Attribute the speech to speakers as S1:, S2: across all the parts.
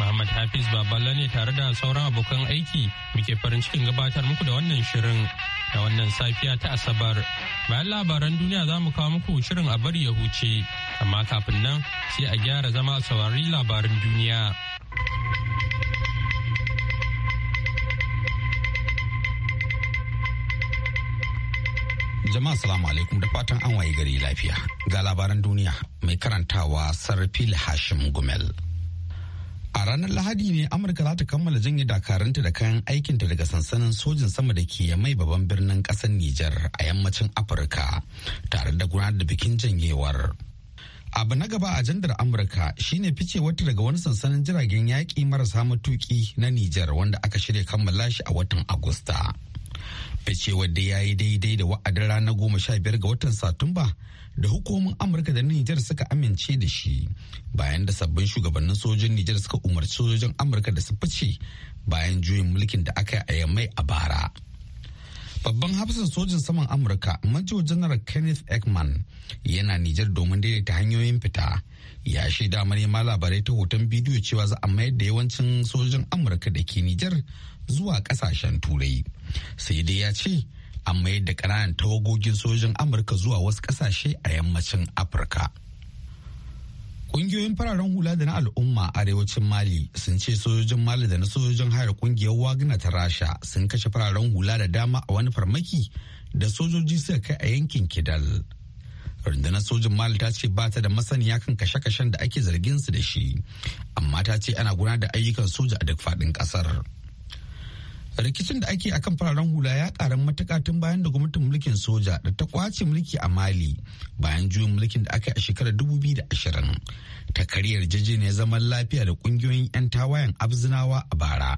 S1: Muhammad Hafiz Baballa ne tare da sauran abokan aiki muke farin cikin gabatar muku da wannan shirin da wannan safiya ta Asabar. Bayan labaran duniya za mu kawo muku shirin a bari ya huce, amma kafin nan sai a gyara zama a saurari labaran duniya. Jama'a salamu alaikum
S2: da fatan an waye gari lafiya. Ga labaran duniya mai karantawa Sarfil Hashim Gumel. A ranar Lahadi ne Amurka za ta kammala janye dakaranta da kayan aikinta daga sansanin sojin sama da ke mai babban birnin ƙasar Nijar a yammacin Afirka tare da gudanar da bikin janyewar. Abu na gaba a jandar Amurka shine fice wata daga wani sansanin jiragen yaƙi marasa matuƙi na Nijar wanda aka shirya kammala shi a watan Agusta. Ficewar da ya yi daidai da wa'adin ranar goma sha biyar ga watan Satumba da hukumomin amurka da Niger suka amince da shi bayan da sabbin shugabannin sojin Niger suka umarci sojojin amurka da su fice bayan juyin mulkin da aka yi a yammai a bara babban hafsan sojin saman amurka major general kenneth ekman yana Niger domin daidaita hanyoyin fita ya shaida ma labarai ta hoton bidiyo cewa za a mayar da yawancin sojojin amurka da ke Niger zuwa kasashen turai sai dai ya ce an mayar da ƙananan tawagogin sojojin amurka zuwa wasu ƙasashe a yammacin afirka Ƙungiyoyin fararen hula da na al'umma a arewacin Mali sun ce sojojin Mali da na sojojin hayar ƙungiyar Wagina ta Rasha sun kashe fararen hula da dama a wani farmaki da sojoji suka kai a yankin Kidal. Rundunar sojin Mali ta ce ba ta da masaniya kan kashe-kashen da ake zargin su da shi, amma ta ce ana gudanar da ayyukan soja a duk faɗin ƙasar. rikicin da ake akan fararen hula ya karan matuka tun bayan da gwamnatin mulkin soja da ta kwace mulki a mali bayan juyin mulkin da aka yi a shekarar ashirin ta karyar ne zaman lafiya da kungiyoyin 'yan tawayen abzinawa a bara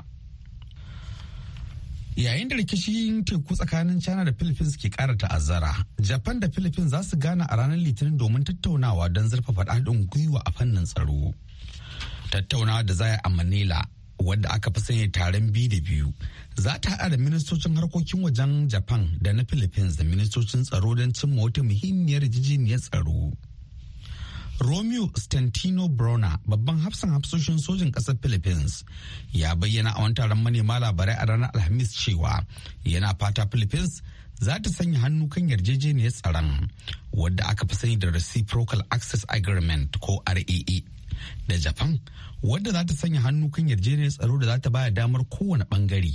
S2: yayin da rikicin teku tsakanin china da philippines ke kara ta'azzara japan da philippines za su gana a ranar litinin domin tattaunawa don zurfafa haɗin gwiwa a fannin tsaro tattaunawa da za a manila wadda aka fi sanya taron biyu da biyu za ta haɗa da ministocin harkokin wajen japan da na philippines da ministocin tsaro don cimma wata muhimmiyar jijiniyar tsaro romeo stantino brona babban hafsan hafsoshin sojin ƙasar philippines ya bayyana a wani taron manema labarai a ranar alhamis cewa yana fata philippines za ta sanya hannu kan yarjejeniyar tsaron wadda aka fi sani da reciprocal access agreement ko raa da japan wadda za ta sanya hannu kan yarjejeniyar tsaro da za ta baya damar kowane bangare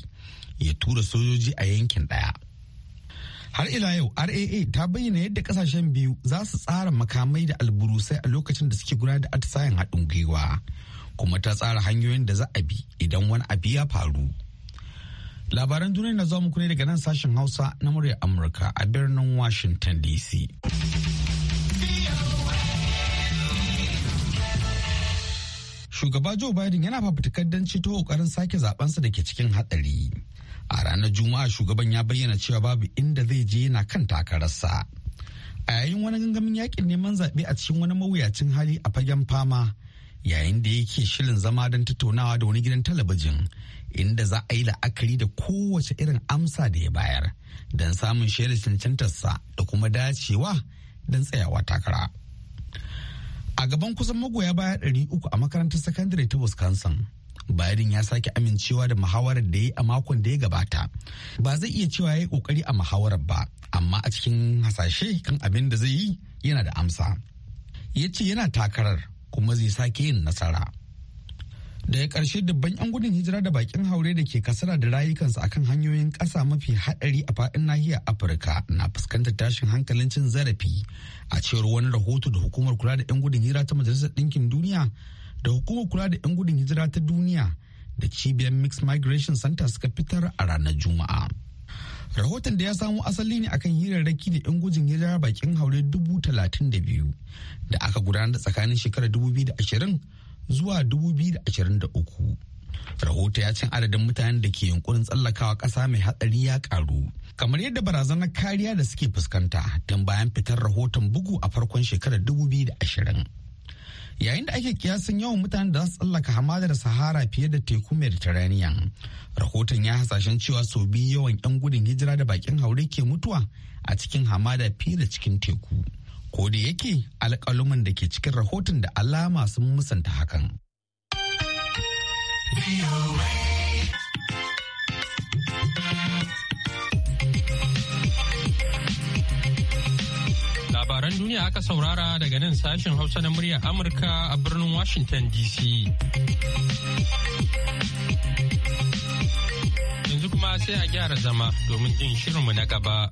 S2: ya tura sojoji a yankin daya har ila yau raa ta bayyana yadda kasashen biyu za su tsara makamai da alburusai a lokacin da suke gudanar da atisayen haɗin gwiwa kuma ta tsara hanyoyin da za a bi idan wani abu ya faru labaran duniya na zuwa muku ne daga nan sashen hausa na murya amurka a birnin washington dc shugaba Joe Biden yana fafutukar don ceto kokarin sake zabensa da ke cikin hatsari. A ranar Juma'a shugaban ya bayyana cewa babu inda zai je yana kan takararsa. A yayin wani gangamin yakin neman zaɓe a cikin wani mawuyacin hali a fagen fama yayin da yake shirin zama don tattaunawa da wani gidan talabijin inda za a yi la'akari da kowace irin amsa da ya bayar don samun shaidar cancantarsa da kuma dacewa don tsayawa takara. a gaban kusan magoya baya ɗari uku a makarantar sakandare ta wisconsin Biden ya sake amincewa da muhawarar da ya yi a makon da ya gabata. Ba zai iya cewa ya yi kokari a muhawarar ba, amma a cikin hasashe kan abin da zai yi yana da amsa. Ya ce yana takarar kuma zai sake yin nasara. daga ƙarshe dubban 'yan gudun hijira da bakin haure da ke kasara da rayukansu akan hanyoyin ƙasa mafi haɗari a faɗin nahiyar afirka na fuskantar tashin hankalin cin zarafi a cewar wani rahoto da hukumar kula da 'yan gudun hijira ta majalisar ɗinkin duniya da hukumar kula da 'yan gudun hijira ta duniya da cibiyar mixed migration center suka fitar a ranar juma'a rahoton da ya samo asali ne akan hirarraki da 'yan gujin hijira bakin haure dubu talatin da biyu da aka gudanar tsakanin shekarar dubu biyu da ashirin zuwa 2023. Rahoto ya cin adadin mutanen da ke yunkurin tsallakawa ƙasa mai hatsari ya ƙaru. Kamar yadda barazanar kariya da suke fuskanta tun bayan fitar rahoton bugu a farkon shekarar 2020. Yayin da ake kiyasin yawan mutanen da za su tsallaka hamadar Sahara fiye da teku Mediterranean, rahoton ya hasashen cewa sau biyu yawan 'yan gudun hijira da bakin haure ke mutuwa a cikin hamada fiye da cikin teku. ko da yake alƙalumin da ke cikin rahoton da alama sun musanta hakan.
S1: Labaran duniya aka saurara daga nan sashen Hausa na muryar Amurka a birnin Washington DC. Yanzu kuma sai a gyara zama domin jin shirinmu na gaba.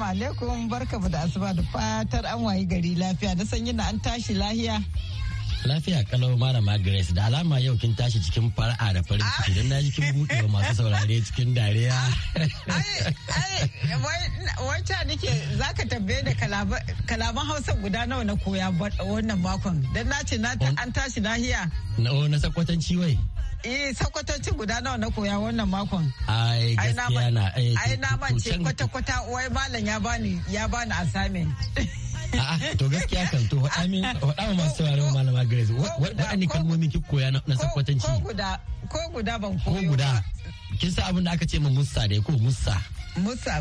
S3: Assalamu alaikum mu da asuba da fatar an wayi gari lafiya da sanyi na an tashi lahiya. Lafiya
S4: kalau malama Grace da alama yau kin tashi cikin fara'a da farin ciki don naji kin buɗe wa masu saurare cikin dariya.
S3: Wacce nake za ka tambaye da kalaman Hausa guda nawa na koya wannan makon don na ce an tashi lahiya. Na oh, sakwatanci wai. Eh sakwatocin guda nawa na koya wannan makon.
S4: Ai gaskiya na. Ai na eh,
S3: mance kwata-kwata wai malam ya bani ya bani assignment. A'a to gaskiya
S4: kan to faɗa min faɗa wa masu sauraron malama Grace ne kalmomin ki koya na sakwatanci. Ko
S3: guda ko guda ban koyo. Ko guda. Kin sa abin da aka ce min musa dai ko musa. Musa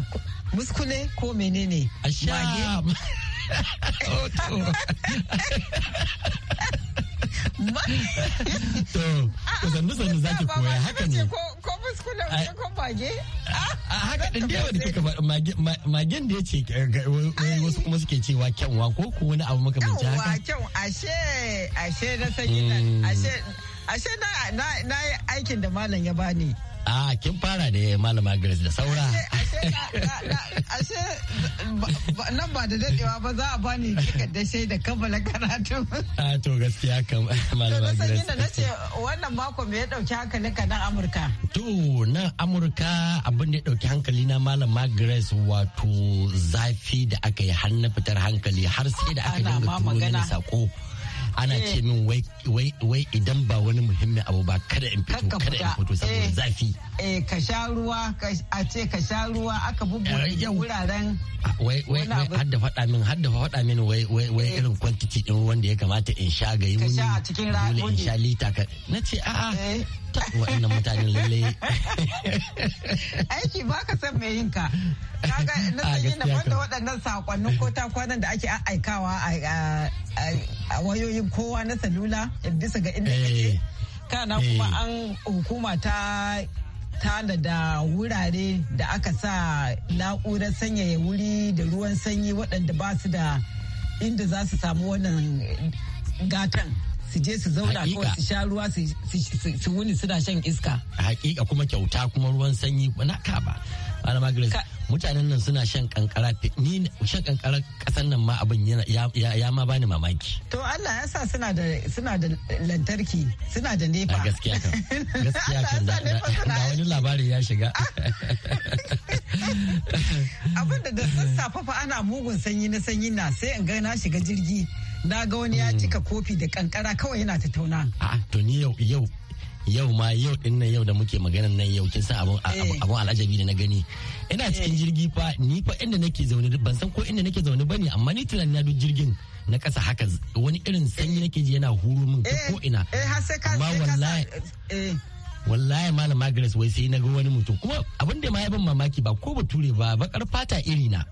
S3: muskule ko menene? Asha.
S5: To, ku sannu za ki koya haka ne.
S3: Ko muskula waje ko mage? Haka ɗin da
S4: yawa da kika faɗa magen da ya ce wasu kuma suke cewa kyanwa ko ko wani abu makamanci haka. Kyanwa
S3: kyan ashe ashe na sanyi nan hmm. ashe na yi aikin da malam ya bani. a kin fara ne malama grace da saura ashe nan ba da dadewa ba za a bani da shaida kammala karatu
S4: a to gaskiya kan malama grace to na ce
S3: wannan mako me ya dauki hankali ka nan amurka
S4: to nan amurka abin da ya dauki hankali na malama grace wato zafi da aka yi har na fitar hankali har sai da aka dinga turo mini sako ana eh. ce min wai idan ba wani muhimmin abu ba kada in fito kada in fito saboda eh. zafi
S3: eh ka sha ruwa a ce ka sha ruwa aka bubbuɗe eh, wuraren
S4: ah, wai wai har da faɗa min hadda faɗa min wai wai wai irin kwantiti din wanda ya kamata in sha ga yi muni dole in sha lita ka
S3: na ce a'a
S4: waɗannan mutane lalle
S3: aiki ba ka san mai yinka kaga na sanyi na banda waɗannan sakonnin ko takwanan da ake aikawa a wayoyin kowa na salula bisa ga inda kake eh. kana kuma eh. an hukuma ta tana da wurare da aka sa na'urar sanyaya wuri da ruwan sanyi waɗanda ba su da inda za su samu wannan gatan su je su zauna ko su sha ruwa su wuni suna shan iska
S4: hakika kuma kyauta kuma ruwan sanyi na kaba malama grace mutanen nan suna shan kankara ni shan kankara kasan nan ma abin ya ma bani mamaki
S3: to Allah ya sa suna da suna da lantarki suna da nefa gaskiya kan gaskiya
S4: kan da wani labari ya shiga
S3: abin da da sassafa ana mugun sanyi na sanyi na sai in ga na shiga jirgi na ga wani ya cika kofi da kankara kawai yana ta tauna
S4: a to ni yau yau yau ma yau din nan yau da muke maganan nan yau kin san abun eh. abun alajabi da na gani ina eh. cikin jirgi fa ni fa inda nake zaune ban san ko inda nake zaune bane amma ni tunanin na duk jirgin na kasa haka wani irin sanyi eh. nake ji yana huru min ko ina amma wallahi wallahi malam wai sai na ga wani mutum kuma abin da ma ya ban mamaki ba ko bature ba bakar fata iri na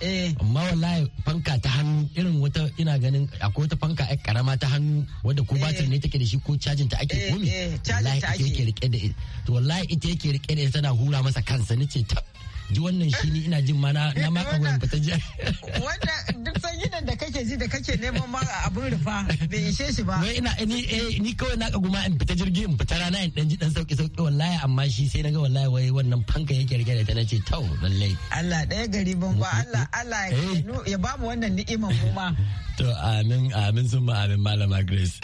S4: Eh. amma wallahi fanka ta hannu irin wata ina ganin akwai wata fanka ai karama ta hannu wadda ko batir eh. ne take da shi ko cajin ta ake eh, komi wallahi ita yake rike da ita wallahi ita yake rike da ita tana hura masa kansa nace ta ji wannan shi ni ina jin mana na maka wani fita ji
S3: wanda duk sanyi da kake ji da kake neman ma abin rufa bai ishe shi ba wai ina ni eh, ni kawai na kaguma in fita jirgi in
S4: fita rana in dan ji dan sauki sauki wallahi amma shi sai naga wallahi wai wannan fanka yake rike ta nace tau lallai
S3: Allah daya gari ban ba Allah Allah eh. ya ba mu wannan ni'imar mu ma
S4: to amin amin sun ma amin malama Grace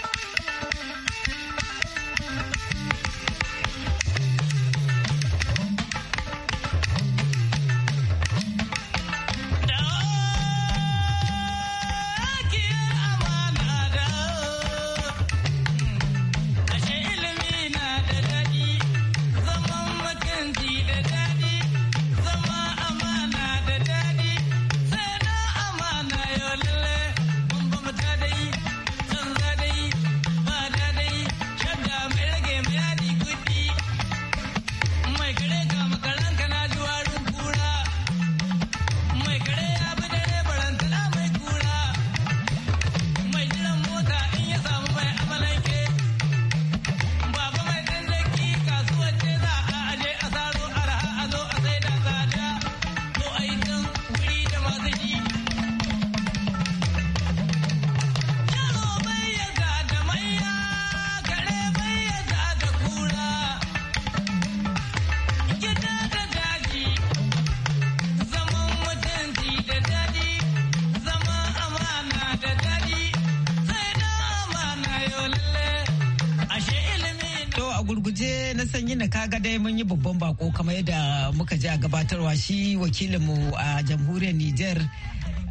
S3: gurguje na sanyi na kaga dai mun yi babban bako kamar yadda muka ji a gabatarwa shi wakilinmu a jamhuriyar Nijar.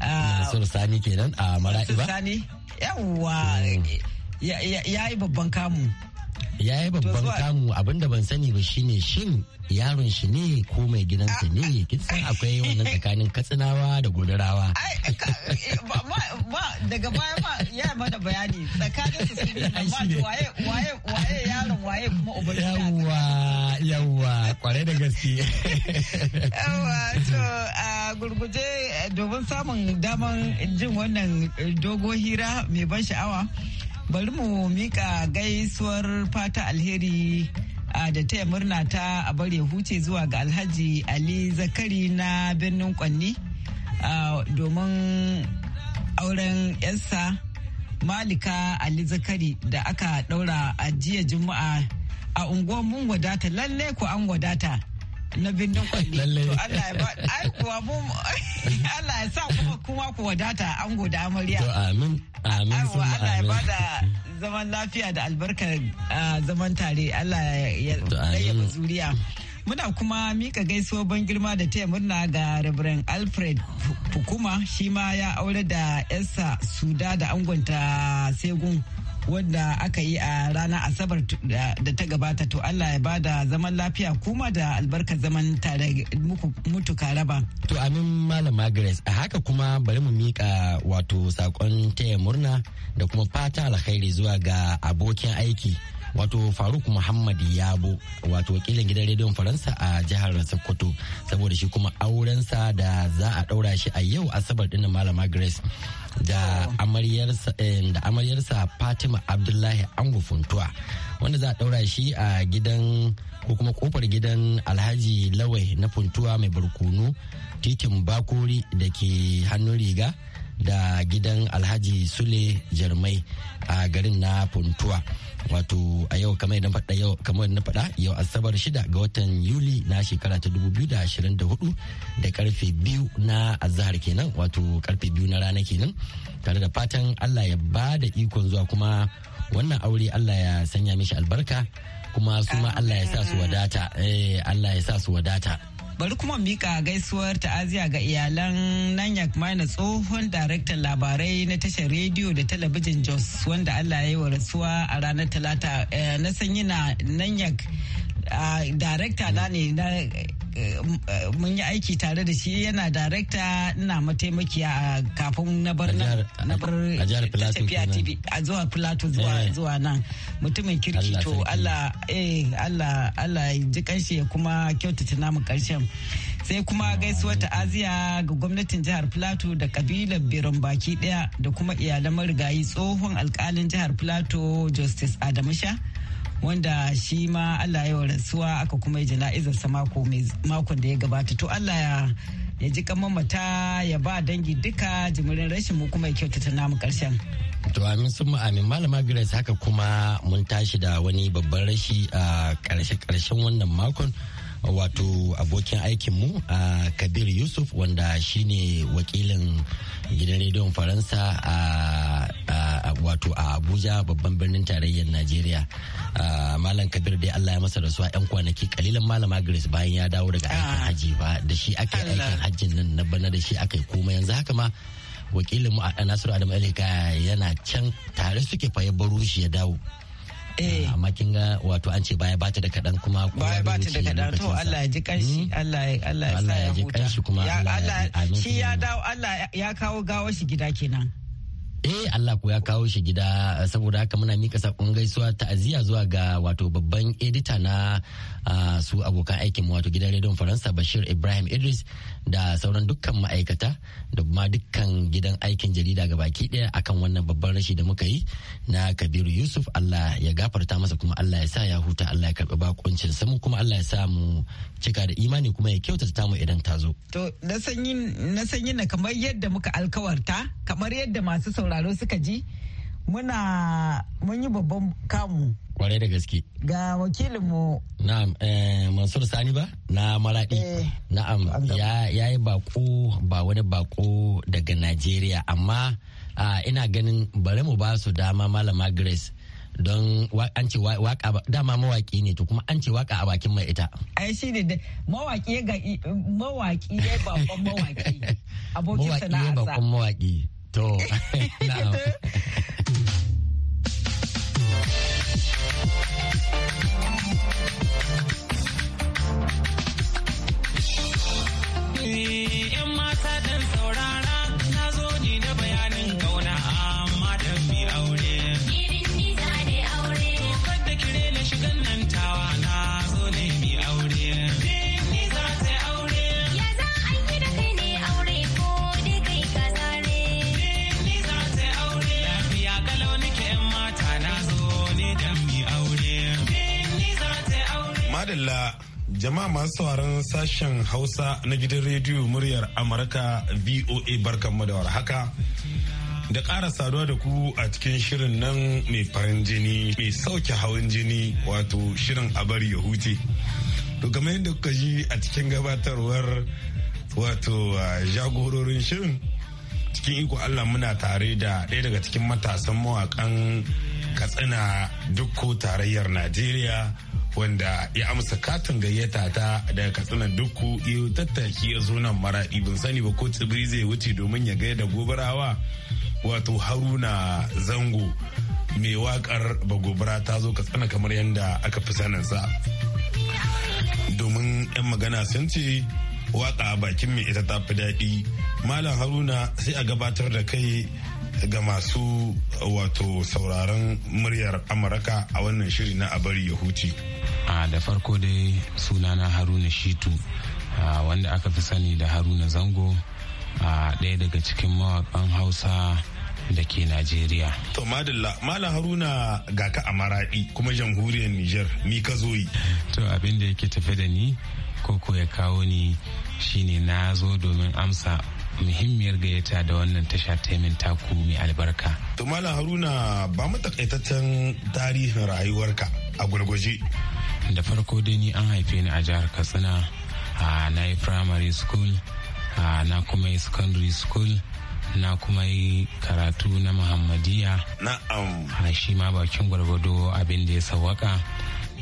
S4: Mansur Sani kenan a Maraɗi ba?
S3: Sani. Yawwa ya yi babban kamu. ya yi
S4: babban kamu abinda ban sani ba shine shin yaron shi ne ko mai gidansa ne kitsan akwai wannan tsakanin katsinawa da gudurawa
S3: daga baya ba ya yi mana bayani tsakanin su sun waye waye waye yaron waye kuma ubangi
S4: yawwa yawwa kwarai da gaske
S3: yawwa to a gurguje eh, domin samun damar jin wannan eh, dogo hira mai ban sha'awa bari mu mika gaisuwar fata alheri a da taya murna ta a ya huce zuwa ga alhaji ali zakari na birnin kwanni domin auren yarsa malika ali zakari da aka daura a jiya juma'a a unguwar mun wadata lalle ku an wadata na birnin kwalli to Allah ya ba ai kuwa mu Allah ya sa kuma kuma ku wadata ango da amarya to amin
S4: amin Allah ya ba da
S3: zaman lafiya da albarkar zaman tare Allah ya ya zuriya Muna kuma mika gaisuwa ban girma da taya murna ga Reverend Alfred Fukuma shi ma ya aure da 'yarsa Suda da angonta Segun wadda aka yi a ranar asabar da ta gabata to Allah ya bada zaman lafiya kuma da albarkar zaman tare mutuka raba.
S4: To amin Malam Margaret a haka kuma bari mu mika wato saƙon taya murna da kuma fata alkhairi zuwa ga abokin aiki wato faruk muhammad yabo wato wakilin gidan rediyon faransa a jihar sokoto saboda shi kuma aurensa da za a daura shi a yau asabar din malama grace da amaryarsa eh, da amaryarsa fatima abdullahi ango funtuwa wanda za a daura shi a gidan ko kuma kofar gidan alhaji lawai na funtuwa mai barkono titin bakori da ke hannun riga da gidan alhaji sule jarmai a garin na funtuwa wato a yau kamar yadda faɗa yau kamar na faɗa yau asabar shida ga watan yuli na shekara ta dubu biyu da karfe biyu na azahar kenan wato karfe biyu na rana kenan tare da fatan allah ya ba da ikon zuwa kuma wannan aure allah ya sanya mishi albarka kuma su ma allah ya sa su wadata eh allah ya sa su wadata
S3: bari kuma mika gaisuwar ta'aziya ga iyalan nanyak mana tsohon daraktan labarai na tashar rediyo da talabijin jos wanda allah ya yi wa rasuwa a ranar talata eh, na sanyi na nanyak ah, darakta na ne na Eh, eh, mun yi aiki tare da shi yana darekta ina mataimakiya kafin na bar na bar tafiya tv a zuwa plato eh. zuwa nan mutumin kirki to allah eh allah allah ji kanshi ya kuma kyautata namu karshen sai kuma gaisuwar ta'aziya ga gwamnatin jihar plato da kabilar birin baki daya da kuma iyalan marigayi tsohon alkalin jihar plato justice adamu sha wanda shi ma Allah ya rasuwa aka kuma yi sa makon da ya gabata to Allah ya ya ji mamata ya ba dangi duka jimirin rashin mu kuma ya kyautata namu karshen
S4: to amin sun ma'amin malama grace haka kuma mun tashi da wani babban rashi a karshe karshen wannan makon wato abokin aikinmu a kabir yusuf wanda shine wakilin gidan rediyon faransa a wato a abuja babban birnin tarayyar najeriya malam kabir dai allah ya masa suwa yan kwanaki kalilan malam grace bayan ya dawo daga aikin ah. haji ba da shi aka yi aikin hajjin nan na bana da shi aka yi komai yanzu haka ma wakilinmu a nasiru adamu alika yana can tare suke fa ya baro ya dawo Eh. amma kin ga wato an ce baya bata da kadan kuma baya bata da kadan to Allah ya ji kanshi
S3: hmm? Allah ya Allah ya ya ji kanshi kuma Allah shi ya dawo Allah ya kawo gawar shi gida kenan Eh
S4: Allah ko ya kawo shi gida saboda haka muna mika sakon gaisuwa ta'aziyya zuwa ga wato babban edita na ah, su abokan aikin wato gidan rediyon Faransa Bashir Ibrahim Idris da sauran dukkan ma'aikata da kuma dukkan gidan aikin jarida ga baki ɗaya akan wannan babban rashi da muka yi na kabiru yusuf allah ya gafarta masa kuma allah ya sa ya huta allah ya karɓi bakuncin samu kuma allah ya sa mu cika da imani kuma ya kyautata mu idan ta zo.
S3: to na sanyi na kamar yadda muka alkawarta kamar yadda masu sauraro suka ji muna mun yi babban kamu
S4: kwarai da gaske
S3: ga mu.
S4: na'am eh, mansur sani ba na maradi eh.
S3: na'am ya
S4: yi bako ba wani bako daga najeriya amma ina ganin bari mu ba su dama malama grace don an ce waka dama mawaki ne to kuma an ce waka a bakin mai ita
S3: ai shi ne mawaki ga mawaki ya bakon mawaki abokin sana'arsa mawaki ya bakon mawaki
S4: to
S6: madalla jama'a masu sauraron sashen hausa na gidan rediyo muryar amurka voa barkanmu da warhaka da ƙara saduwa da ku a cikin shirin nan mai farin jini mai sauke hawan jini wato shirin abar ya huce to game yadda kuka ji a cikin gabatarwar wato jagororin shirin cikin iko allah muna tare da ɗaya daga cikin matasan mawakan katsina dukko tarayyar najeriya wanda ya amsa katin gayyata ta daga katsina dukku iyo tattaki ya zo nan maraɗi ban sani ba ko tsibiri zai wuce domin ya gaida gobarawa wato haruna zango mai wakar ba gobara ta zo katsina kamar yadda aka fi saninsa domin 'yan magana sun ce waka bakin mai ita ta fi daɗi malam haruna sai a gabatar da kai ga masu wato sauraron muryar amurka a wannan shiri na abari ya huce.
S7: da farko dai sunana haruna shitu wanda aka fi sani da haruna zango ɗaya daga cikin mawakan hausa da ke Najeriya.
S6: To madalla mala Haruna ga ka a maraɗi kuma jamhuriyar Nijar ni ka
S7: zo yi. To abin da yake tafe da ni koko ya kawo ni shine na zo domin amsa muhimmiyar gayyata da wannan tasha taimin taku mai albarka.
S6: To Malam Haruna ba mu takaitaccen tarihin rayuwarka a gwargwaje
S7: da farko dai ni an haife ni a jihar katsina na yi primary school na kuma yi secondary school na kuma yi karatu na muhammadiya na'am shi ma bakin gwargwado abin da ya sawaka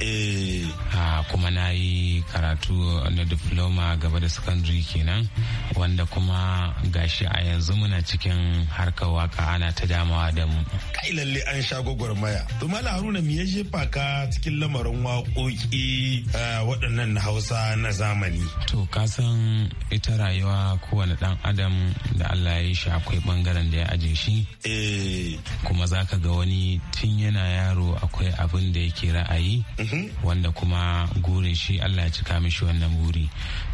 S7: eh ah, kuma na yi karatu na diploma gaba da secondary kenan wanda kuma gashi a yanzu muna cikin harkar waka ana ta damawa da mu
S6: kai lalle an sha gwagwarmaya to mallam haruna me ya jefa ka cikin lamarin waƙoƙi ah, waɗannan na hausa na
S7: zamani to ka san ita rayuwa kowane ɗan adam da allah ya shi akwai ɓangaren da ya aje shi eh. kuma zaka ga wani tun yana yaro akwai abin da yake ra'ayi mhm. Mhm. wanda kuma gurin shi Allah ya cika mishi wannan buri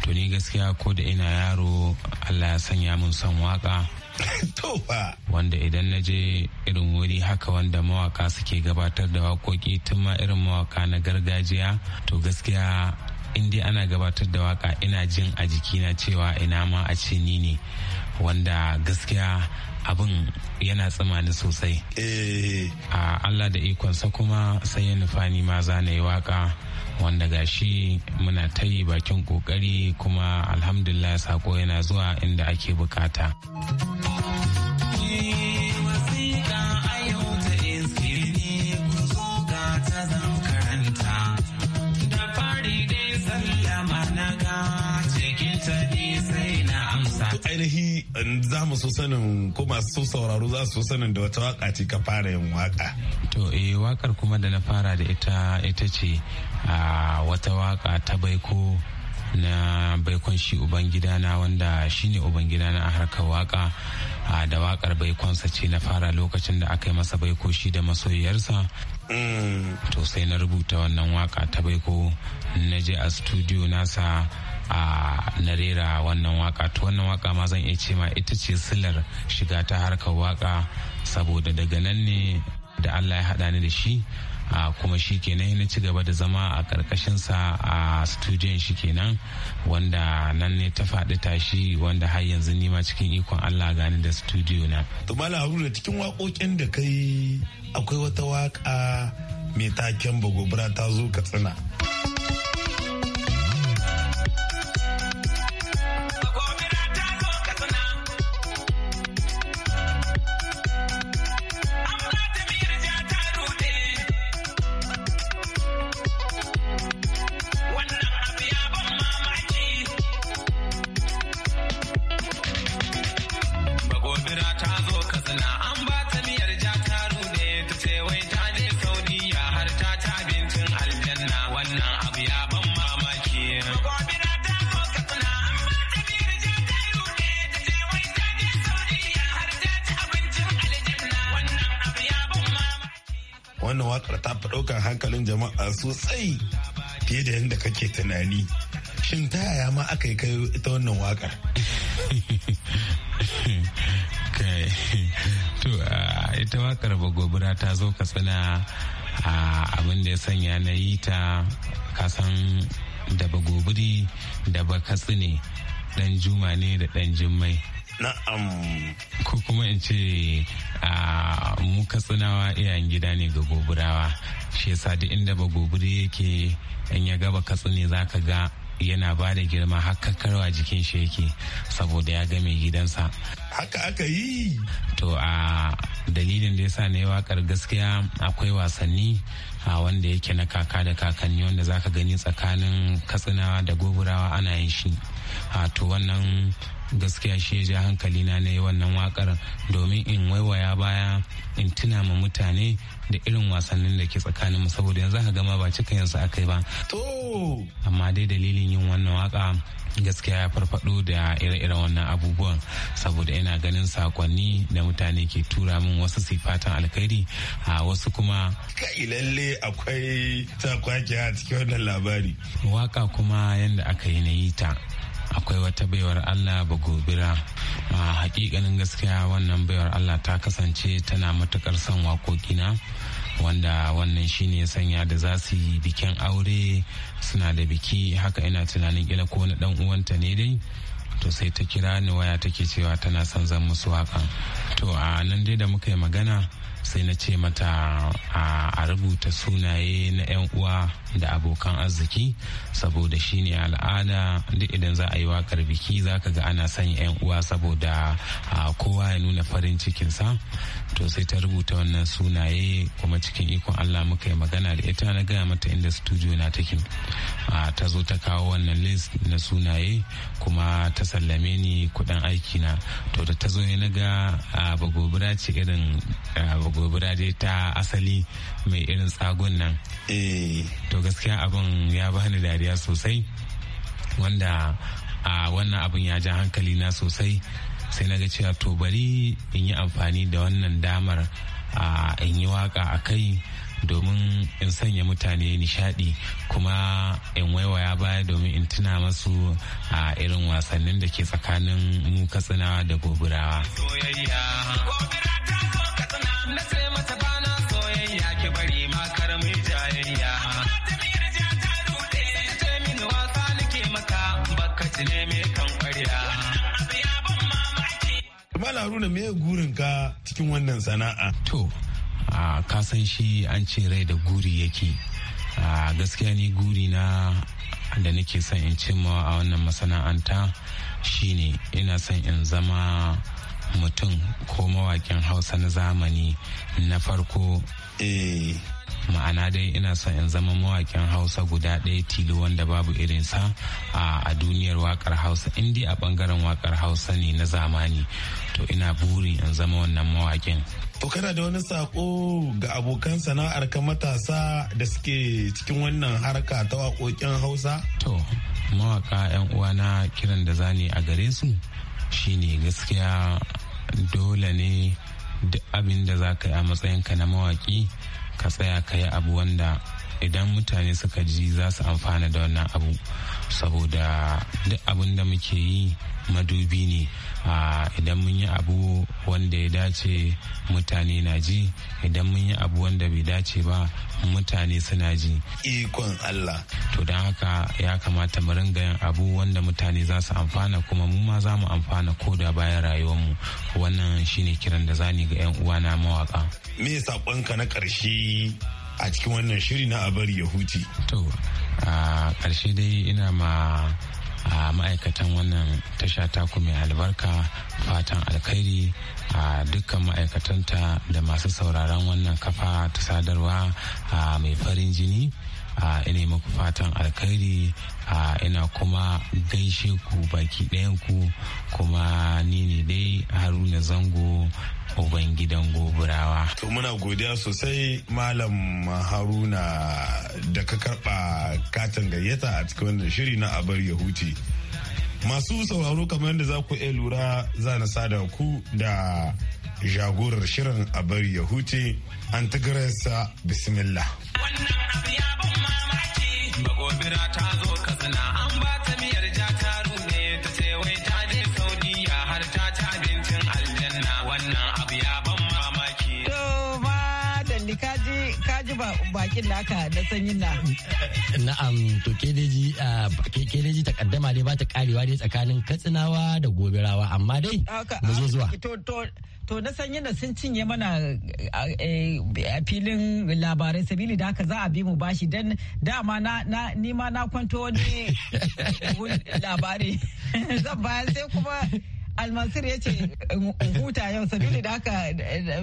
S7: to ni gaskiya ko da ina yaro Allah ya sanya mun son waka wanda idan na je irin wuri haka wanda mawaka suke gabatar da waƙoƙi tun ma irin mawaka na gargajiya to gaskiya in dai ana gabatar da waka ina jin a jikina cewa ina ma a ce ni ne wanda gaskiya abin yana tsamani sosai eh. a allah da ikonsa kuma sai ya nufa ni ma yi waka wanda gashi muna ta yi bakin kokari kuma alhamdulillah sako yana zuwa inda ake bukata.
S6: ainihi za mu so sanin ko masu sauraro za su so sanin da wata waka
S7: ce ka fara yin waka. To eh wakar kuma da na fara da ita ita ce wata waka ta baiko na baikon shi ubangidana wanda shi ne ubangidana a harkar waka da wakar baikonsa ce na fara lokacin da aka yi masa baiko shi da masoyiyarsa mm. to sai na rubuta wannan waka ta baiko na je a studio nasa a narera wannan waka to wannan waka ma zan iya ce ma ita ce silar shiga ta harkar waka saboda daga nan ne da allah ya haɗa ni da shi a kuma shi kenan na ci gaba da zama a sa a studiyon shi kenan wanda nan ne ta faɗi tashi wanda har yanzu nima cikin ikon Allah gani da studio na. To Malam
S6: Haruna cikin waƙoƙin da kai akwai wata waƙa mai taken bagobra ta zo katsina.
S7: wannan abu ya ban mamaki.
S6: wannan waƙar ta fi ɗaukar hankalin jama'a sosai fiye da yadda kake tunani shin ta yaya ma aka yi kayo ita wannan waƙar?
S7: to ita ba gobira ta zo ka katsina abin da ya sanya na yi ta kasan da ba gobiri da ba katsine dan juma ne da dan jimmai na'am ko kuma in ce a mu katsinawa iyayen gida ne ga goburawa shi yasa duk inda ba gobiri yake in ya gaba za ka ga yana ba da girma hakakarwa jikin shi yake saboda ya ga mai gidansa
S6: haka aka yi
S7: to a dalilin da yasa na yi wakar gaskiya akwai wasanni a wanda yake na kaka da kakanni wanda zaka gani tsakanin katsinawa da goburawa ana yin shi to wannan gaskiya shi ya ja hankali na na yi wannan wakar domin in waiwaya baya in tuna ma mutane da irin wasannin da ke tsakanin mu saboda yanzu aka gama ba cika yansu aka yi ba to amma dai dalilin yin wannan waka gaskiya ya farfado da ire-iren wannan abubuwan saboda ina ganin sakonni da mutane ke tura min wasu sifatan alkhairi a wasu kuma kai lalle akwai sakwaki a cikin wannan labari waka kuma yadda aka yi na yi ta akwai wata baiwar allah ba gobira a hakikanin gaskiya wannan baiwar allah ta kasance tana matukar son waƙoƙina wanda wannan shine ya sanya da za su yi bikin aure suna da biki haka ina tunanin kila ko na dan uwanta ne dai to sai ta kira ni waya take cewa tana son zan musu waka to a nan dai da muka yi magana sai na ce mata a rubuta sunaye na 'yan uwa da abokan arziki saboda shi shine al'ada duk idan za a yi wakar biki za ka ga ana son yan uwa saboda kowa ya nuna farin cikinsa to sai ta rubuta wannan sunaye kuma cikin ikon allah muka yi magana da ita na gaya mata inda studio na take ta zo ta kawo wannan list na sunaye kuma ta sallame ni kudin aiki na to da ta zo na ga bagobira ce irin bagobira dai ta asali mai irin tsagon nan eh. to gaskiya abin ya bani dariya sosai wanda a wannan abin ya ja hankali na sosai sai na ga cewa to bari in yi amfani da wannan damar a in yi waka a kai domin in sanya mutane nishadi kuma in waiwaya baya domin in tuna masu a irin wasannin da ke tsakanin mu katsina da goburawa.
S5: Soyayya, gobira ta
S1: soyayya bari.
S6: haruna me gurin ka cikin wannan sana'a to
S7: a kasan shi an ce rai da guri yake a gaskiya ni guri na da nake son in cimma a wannan masana'anta shine ina son in zama mutum ko mawakin hausa na zamani na farko eh. ma'ana dai ina son in zama mawakin hausa guda ɗaya tilo wanda babu irin sa a duniyar wakar hausa indi a ɓangaren wakar hausa ne na zamani to ina buri in zama wannan mawakin to kana da wani
S6: sako ga abokan sana'ar ka matasa da suke cikin wannan harka ta waƙoƙin hausa
S7: to mawaka 'yan uwana kiran da zani a gare su shine gaskiya dole ne duk abin da za ka yi a matsayinka na mawaki ka tsaya ka yi abu wanda idan mutane suka ji za su amfana da wannan abu saboda duk abin da muke yi madubi ne idan mun yi abu wanda ya dace mutane na ji idan mun yi abu wanda bai dace ba mutane suna ji ikon Allah to don haka ya kamata mu ringa yin abu wanda mutane za su amfana kuma mu ma za mu amfana ko da bayan mu wannan shine kiran da zani ga 'yan uwana mawaka
S6: me saƙonka na ƙarshe a cikin wannan shiri na abari ya huce. To,
S7: a ƙarshe dai ina ma a ma'aikatan wannan tasha ta mai albarka fatan alkhairi a dukkan ma'aikatanta da masu sauraron wannan kafa ta sadarwa a mai farin jini a ina muku fatan alkhairi a ina kuma gaishe ku baki ɗayan ku kuma ni ne dai haruna zango uban gidan goburawa. To
S6: muna godiya sosai malam haruna da ka karɓa katin gayyata a cikin wannan shiri na abar ya huce. Masu sauraro kamar yadda za ku iya lura za na sada ku da jagorar shirin a bari ya huce an tigirarsa bismillah. Wannan abu ya
S7: ban mamaki, bagobira ta zo katsina an ba ta
S3: bakin naka na sanyin na.
S4: Na'am to ke ji ah, kaddama dai ba ta karewa dai tsakanin katsinawa da gobirawa amma dai mu zo zuwa.
S3: To na sanyin na sun cinye mana ah, eh, a filin labarai sabili da haka za a bi mu bashi don dama na nima na kwanto wani labari zan bayan sai kuma almasir ya ce huta yau sabili da haka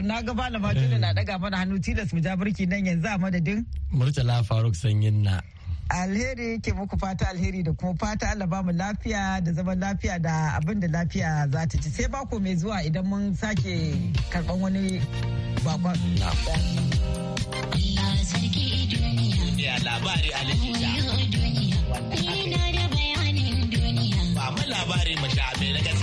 S3: na gaba malama juli na daga mana hannu tilas mu ja birki nan yanzu a madadin murtala faruk sanyin na alheri ke muku fata alheri da kuma fata Allah ba mu lafiya da zaman lafiya da abin da lafiya za ta ci sai bako mai zuwa idan mun sake karban wani bakon
S6: labari a duniya.
S5: Ba
S3: mu
S6: labari mu sha na gaske.